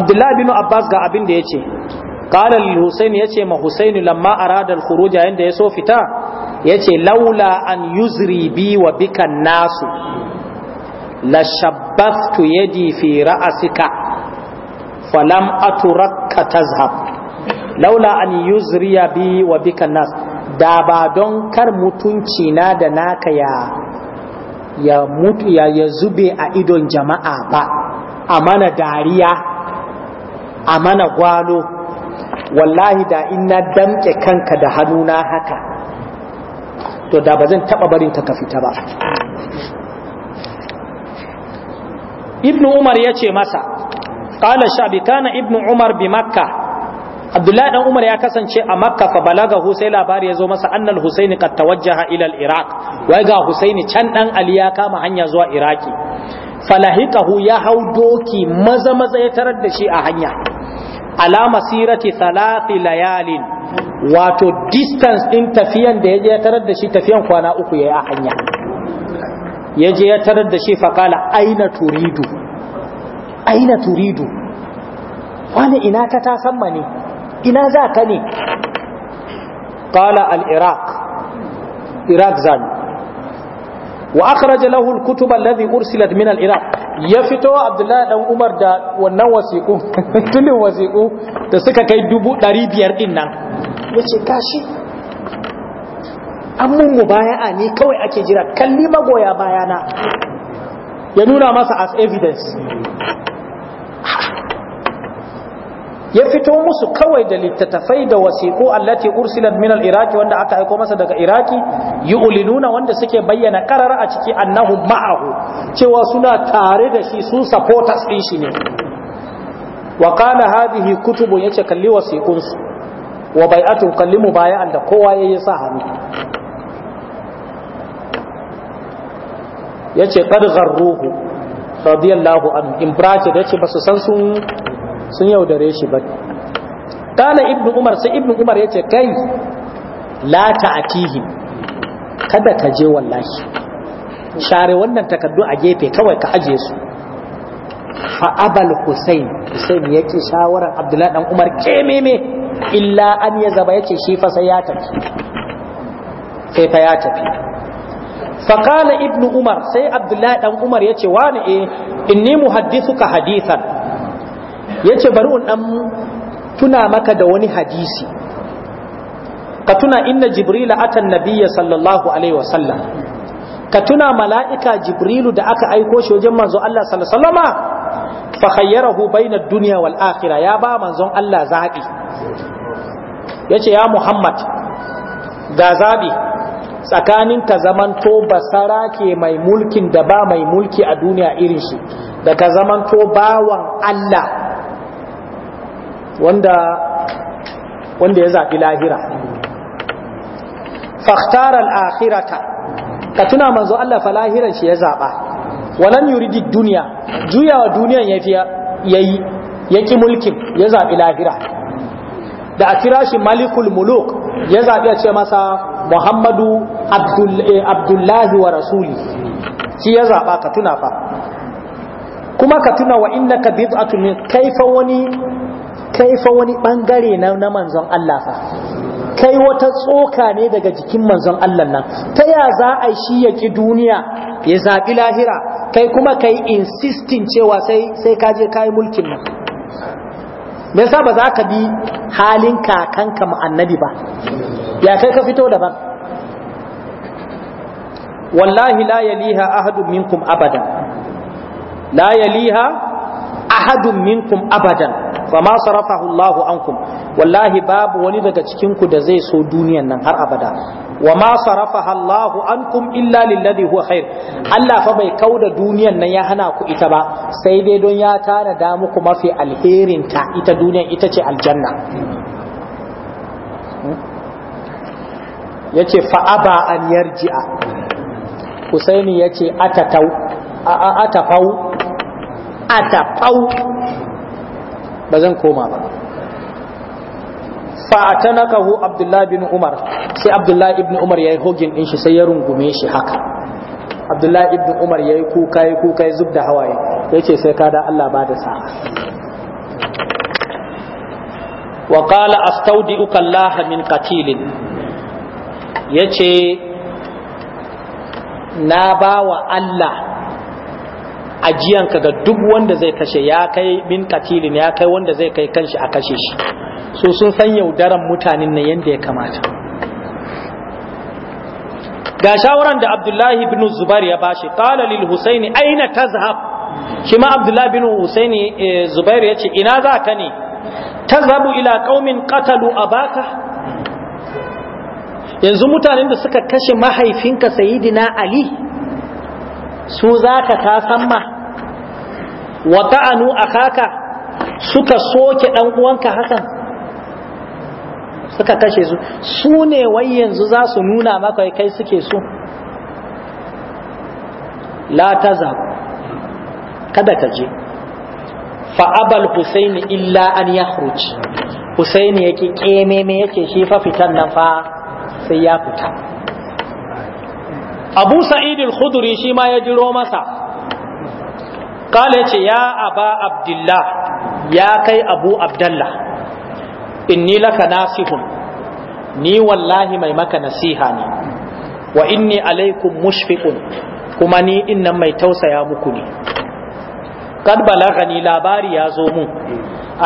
abdullahi bin abbas ga abin da ya ce ƙalar husaini ya ce ma husaini lamma a radar kuruja yadda ya so fita ya ce laula an yuzri bi wa bikan nasu la shabbaftu yadi fi ra'asika falam aturakka tazhab laula an yuzriya bi wa bikan nasu. da ba don kar mutunci na da naka ya ya mutu ya, ya zube a idon jama'a ba a mana dariya a mana gwalo wallahi da in na damke kanka da hannuna haka to da ba zan taɓa barin ka fita ba ibnu umar ya ce masa ƙala shabi kana ibnu umar bi makka abdullahi dan umar ya kasance a makka fa balaga sai labari ya zo masa annal husaini qad tawajjaha ila al-iraq wai ga Hussaini can dan ali ya kama hanya zuwa iraki falahiqahu ya hau doki maza maza ya tarar da shi a hanya ala masirati thalathi layalin wato distance din tafiyan da yaje ya tarar da shi tafiyan kwana uku yayi a hanya yaje ya tarar da shi faqala aina turidu aina turidu wani ina ta, ta samma ne ina za ka ne qala al-iraq iraq zan wa akhraja lahu al-kutub alladhi ursilat min al-iraq ya fito abdullahi dan umar da wannan wasiqu tunin wasiqu da suka kai 500 din nan yace kashi an mubaya'a ne kawai ake jira kalli magoya bayana ya nuna masa as evidence ya fito musu kawai da littattafai da wasiƙu allati ursilat min al-iraqi wanda aka aiko masa daga iraki yu'linuna wanda suke bayyana karara a ciki annahu ma'ahu cewa suna tare da shi sun supporters din shi ne wa qala hadhihi kutubu yace kalli wasiqun su wa bai'atu kalli mubaya'an da kowa yayi sa hannu yace qad gharruhu radiyallahu anhu in bracket yace basu san sun sun yaudare shi ba kana ibnu umar sai ibnu umar ya ce kai la ta'atihim kada ka je wallahi share wannan takaddu a gefe kawai ka aje su fa abal husain husain ya ki shawaran abdullahi dan umar kememe illa an ya zaba yace shi fa sai ya tafi sai fa ya tafi fa kana ibnu umar sai abdullahi dan umar yace wani eh inni muhaddithuka hadithan ya ce bari ɗan tuna maka da wani hadisi ka tuna inna jibrila atan nabiyya sallallahu alaihi wasallam ka tuna mala'ika jibrilu da aka aiko shi wajen manzo Allah sallallama fa khayyarahu bayna dunya wal akhira ya ba manzon Allah zabi yace ya Muhammad ga zaɓi tsakanin ka zamanto basara ke mai mulkin da ba mai mulki a duniya irin shi da ka zamanto bawan Allah wanda wanda ya zaɓi lahira fakhtaral akirata, ka tuna manzo Allah fa lahiran shi ya zaɓa walam yuridi duniya juyawa duniyan yafi yayi yaki mulkin ya zaɓi lahira da a kira shi malikul muluk ya zaɓi a ce masa muhammadu eh, abdullahi wa rasuli shi ya zaɓa ka tuna fa kuma ka tuna wa inna ka bid'atu min kaifa wani kai fa wani bangare na na manzon Allah fa kai wata tsoka ne daga jikin manzon Allah nan ta ya za a shi ya ki duniya ya zaɓi lahira kai kuma kai insisting cewa sai sai ka je kai mulkin nan me yasa ba za ka bi halin kakanka mu annabi ba ya kai ka fito daban wallahi la yaliha ahadun minkum abadan la yaliha ahadun minkum abadan fama sarafahu Allahu ankum wallahi babu wani daga cikin ku da zai so duniyan nan har abada Wama ma sarafaha Allahu ankum illa lilladhi huwa khair Allah fa bai kauda duniyan nan ya hana ku ita ba sai dai don ya tana da muku mafi alherin ta ita duniyan ita ce aljanna hmm? yace fa aba an yarji'a Husaini yace atatau atafau atafau ba zan koma ba kahu abdullahi bin umar sai abdullahi ibn umar ya yi hogin in shi sai ya rungume shi haka abdullahi ibn umar ya yi kuka ya kuka ya zub da hawaye ya ce sai da allah ba da sa'a wa qala astaudi'uka allah min qatilin yace na bawa allah ka ga duk wanda zai kashe ya kai bin katilin ya kai wanda zai kai kanshi a kashe shi so sun san yaudaran mutanen na yadda ya kamata ga shawaran da abdullahi bin zubair ya bashi qala lil husaini aina tazhab shi ma abdullahi bin husaini eh, zubair ya ce ina za ka ne tazhabu ila qaumin qatalu abaka yanzu mutanen da suka kashe mahaifinka sayidina ali su zaka ka san ma wa a haka? suka soke dan uwanka hakan suka kashe su su ne wai yanzu za su nuna maka kai suke so la tazab kada ka je Fa'abal abal husaini illa an yakhruj husaini yake ƙememe yake shi fafitan na fa sai ya fita abu sa'id al-khudri shi ma ya jiro masa قال يا أبا عبد الله يا كي أبو عبد الله إني لك ناصح ني والله ما مك نصيحاني وإني عليكم مشفق كما ني إنما يتوسى يا مكني قد بلغني لاباري يا زومو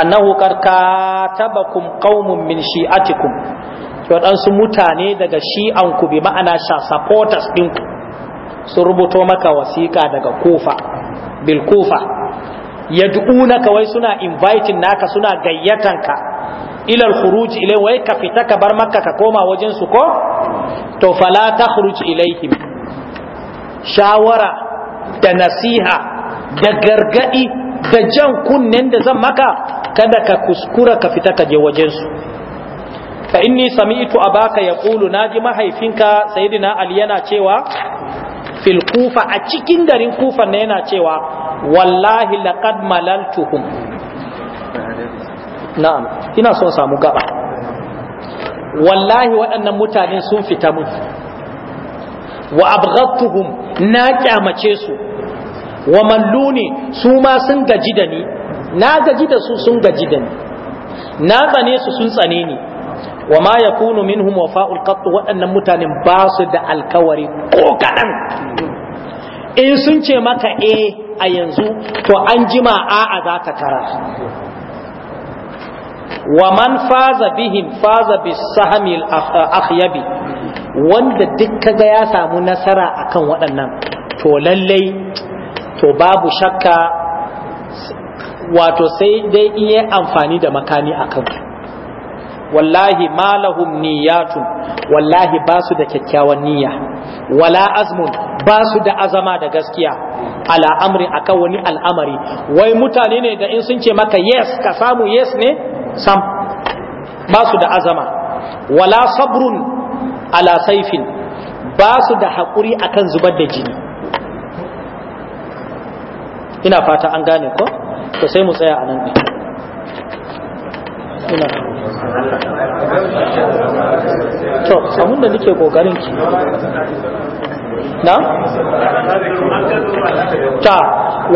أنه قد كاتبكم قوم من شيعتكم waɗansu mutane daga shi'anku bi ma'ana sha supporters ɗinku sun rubuto maka wasiƙa daga kofa bilkufa kufa yad'unaka wai suna inviting naka suna gayyatanka ka. al-khuruj ilai wai ka fita ka bar makka ka koma wajen su ko to fala takhruj ilaihim shawara da nasiha da gargadi da jan kunnen da zan maka kada ka kuskura ka fita ka je wajen su fa inni sami'tu abaka yaqulu naji mahaifinka sayyidina ali yana cewa fil kufa a cikin garin kufa ne yana cewa wallahi laqad malaltuhum na'am ina son samu gaba wallahi waɗannan mutane sun fita mun wa abghadtuhum na kyamace su wa malluni su ma sun gaji da ni na gaji da su sun gaji da ni na tsane su sun tsane ni wa ma yakunu minhum wafa'ul qatt waɗannan mutanen ba su da alkawari ko kaɗan in sun ce maka eh a yanzu to an jima a'a za ka tara wa man faza bihim faza bi sahamil akhyabi wanda duk kaga ya samu nasara akan waɗannan to lallai to babu shakka wato sai dai iya amfani da makami akan wallahi ma lahum wallahi basu da kyakkyawan niyya wala azmun ba da azama da gaskiya ala amri akan wani al'amari wai mutane ne da in sun ce maka yes ka samu yes ne sam ba da azama wala sabrun ala saifin ba da haƙuri akan zubar da jini ina fata an gane ko to sai mu tsaya a nan ina to abin da nake kokarin ki na ta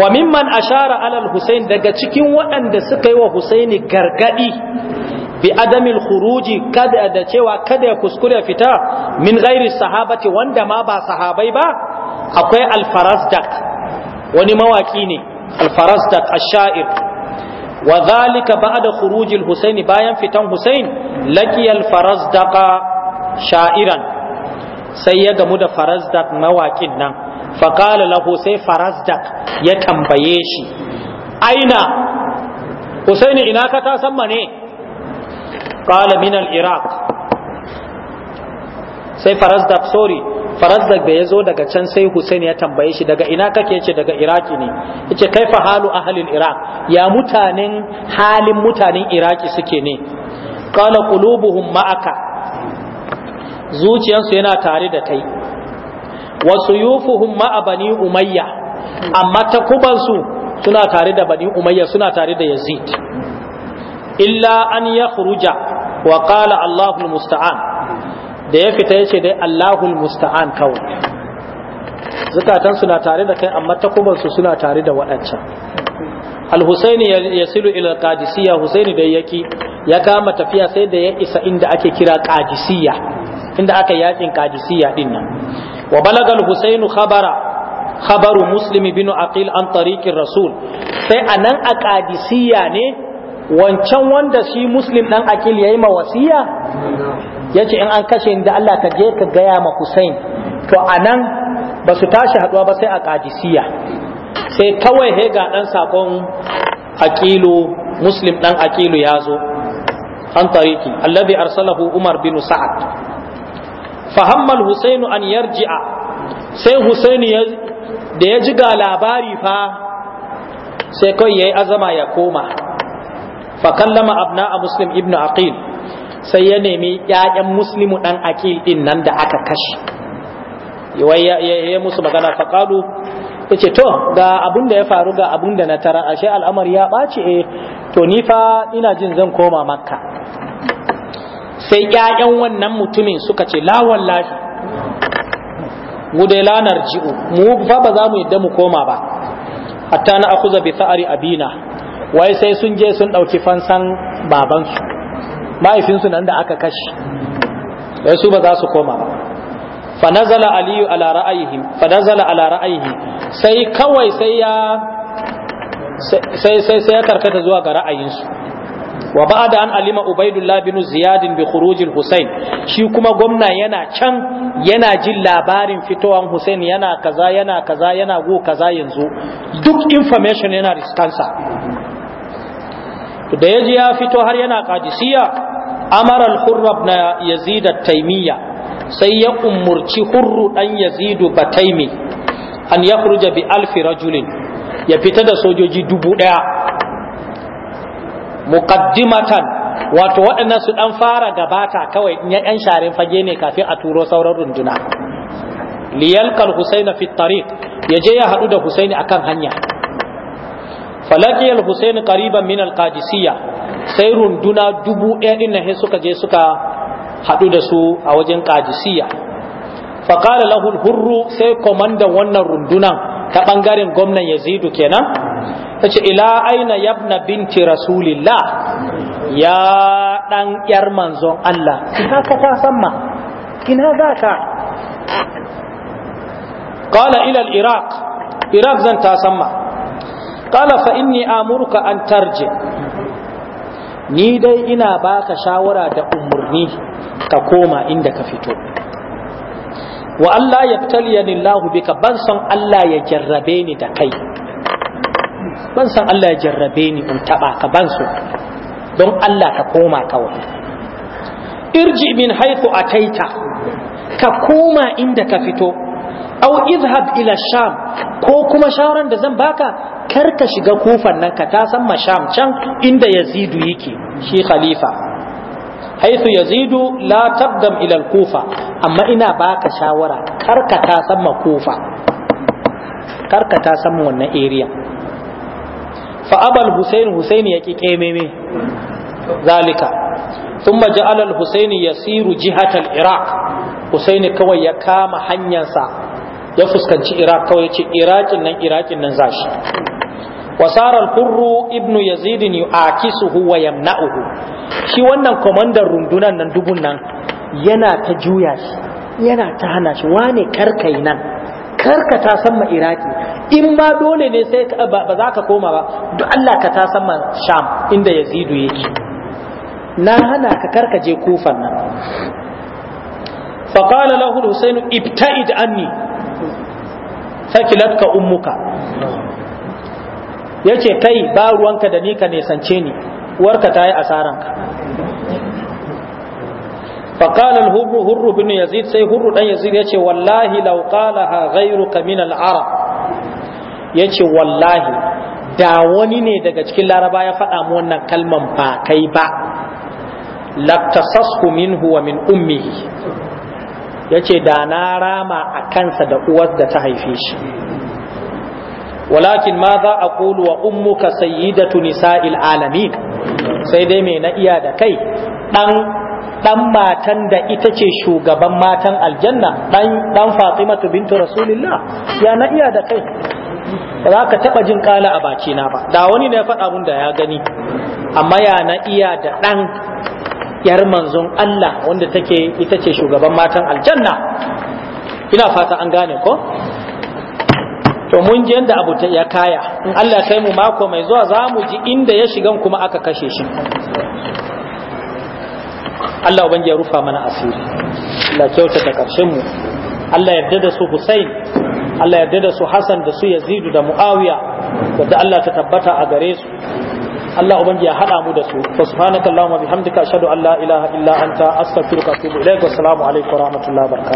wa mimman ashara alal husain daga cikin waɗanda suka yi wa husaini gargaɗi bi adamil khuruji kada da cewa kada ya kuskure fita min gairi sahabati wanda ma ba sahabai ba akwai alfarasdak wani mawaki ne alfarasdak ashair Wazalika zalika ba'da khurujil husaini bayan fitan husain laƙiyar farazdaqa sha'iran sai ya gamu da farazdaq mawakin nan faqala lahu sai ya tambaye shi aina husaini ina ka ta samma ne qala min sai farazdak sorry farazdak da ya zo daga can sai Hussein ya tambaye shi daga ina kake ce daga Iraki ne yace kaifa halu ahlil Iraq ya mutanen halin mutanen Iraki suke ne qala qulubuhum ma'aka zuciyarsu yana tare da kai wa suyufuhum ma'a bani umayya amma takubansu suna tare da bani umayya suna tare da Yazid illa an yakhruja wa qala allahul musta'an da ya fita yace dai Allahul musta'an kawai zukatan suna tare da kai amma takuban su suna tare da waɗancan al-husaini yasilu ila qadisiyya husaini dai yaki ya kama tafiya sai da ya isa inda ake kira qadisiyya inda aka yakin qadisiyya din nan wa balaga al-husainu khabara khabaru muslim bin aqil an tariqir rasul sai anan a qadisiyya ne wancan wanda shi muslim dan aqil yayi mawasiya yace in an kashe inda Allah ka je ka gaya ma Hussein to a nan ba su tashi haduwa ba sai a Qadisiyya sai kawai he ga dan sakon Aqilu Muslim dan Aqilu ya zo an tariki alladhi arsalahu Umar bin Sa'ad Fa hamma al-Husayn an yarji'a sai ya da ya ji ga labari fa sai kawai yayi azama ya koma fa kallama abna muslim ibnu aqil sai ya nemi ƴaƴan muslimu ɗan akil ɗin nan da aka kashe Yawai ya musu magana faqalu ce to ga abin da ya faru ga abin da na tara ashe al'amari ya ɓaci e, eh, to ni fa ina jin zan koma makka sai ƴaƴan wannan mutumin suka ce lawan lafi. mu dai ji'u mu fa ba za mu yadda mu koma ba hatta na akuza bi sa'ari abina wai sai sun je sun ɗauki fansan babansu mahaifinsu nan da aka kashe Ya su ba za su koma ba fa nazala aliyu ala ra'ayihim fa ala sai kawai sai ya sai sai sai ya karkata zuwa ga ra'ayinsu wa ba'da an alima ubaidullah bin ziyad bi khuruj al-husayn shi kuma gwamna yana can yana jin labarin fitowan husayn yana kaza yana kaza yana go kaza yanzu duk information yana riskansa to da yaji ya fito har yana kadisiya amara al na ibn yazid at taymiya sai ya umurci hurru dan yazidu bataymi an yakhruja bi alfi rajulin ya fita da sojoji dubu daya muqaddimatan wato waɗannan su dan fara gabata kawai in ya yan sharin fage ne kafin a turo sauran runduna liyalqa al-husaina fi at-tariq yaje ya hadu da husaini akan hanya falakiyar Hussein qariban min alqadisiyya sai runduna dubu ɗaya din nan suka je suka haɗu da su a wajen qadisiyya faqala lahu hurru sai kwamandan wannan rundunan ta bangaren gwamnan yazidu kenan tace ila aina yabna binti rasulillah ya dan yar manzon Allah ina ta samma ina za ka qala ila al-iraq iraq zan ta samma qala fa inni amurka an tarji ni dai ina baka shawara da umurni ka koma inda ka fito wa Allah ya fitaliyani Allah bika ban san Allah ya jarrabe ni da kai ban san Allah ya jarrabe ni in taba ka ban so don Allah ka koma kawai irji min a ataita ka koma inda ka fito au izhab ila sham ko kuma shawaran da zan baka kar ka shiga kufan nan ka ta san masham can inda yazidu yake shi khalifa haithu yazidu la tabdam ila kufa amma ina baka shawara kar ka ta san ma kufa kar ka ta san wannan area fa abal husain ya ki kememe zalika ثم جعل الحسين يسير جهة العراق Husaini kawai ya kama hanyarsa ya fuskanci iraq kawai ce irakin nan irakin nan zashi wasarar hurru ibnu yazidin yu'akisuhu wa yamna'uhu shi wannan komandan rundunan nan dubun nan yana ta juya shi yana ta hana shi wane karkai nan karka ta san iraki in ma dole ne sai ba za ka koma ba duk Allah ka ta san sham inda yazidu yake na hana ka karka je kufan nan faqala lahu husainu ibta'id anni sakilat ka ummuka yace kai ba ruwanka da ni ka nesance ni uwarka ta yi asaranka فقال الهر هر بن يزيد سي هر دان يزيد يace wallahi law qalaha ghayruka min al-arab yace wallahi da wani ne daga cikin laraba ya faɗa mu wannan kalman ba kai ba laqtasasu minhu wa min ummihi ya ce da na rama a kansa da uwar da ta haife shi walakin ma za a kulu wa ummuka sayyidatu tunisa il'alami sai dai mai na iya da kai dan matan da ita ce shugaban matan aljanna dan Fatima fatimatu bintu rasulillah ya na iya da kai za ka taba jin kala a bakina ba da wani ne ya faɗa mun da ya gani amma ya na iya da dan yar manzon Allah wanda take ita ce shugaban matan aljanna ina fata an gane ko to mun ji yadda abu ya kaya in Allah kai mu mako mai zuwa za mu ji inda ya shigan kuma aka kashe shi Allah ubangiji ya rufa mana asiri Allah kyautata karshen mu Allah yarda da su Hussein Allah yarda da su Hassan da su Yazidu da Muawiya wadda Allah ta tabbata a gare su Allah ubangi ya hada mu da su fa subhanakallahumma bihamdika ashhadu an la ilaha illa anta astaghfiruka wa atubu ilaik wa assalamu alaikum wa rahmatullahi wa barakatuh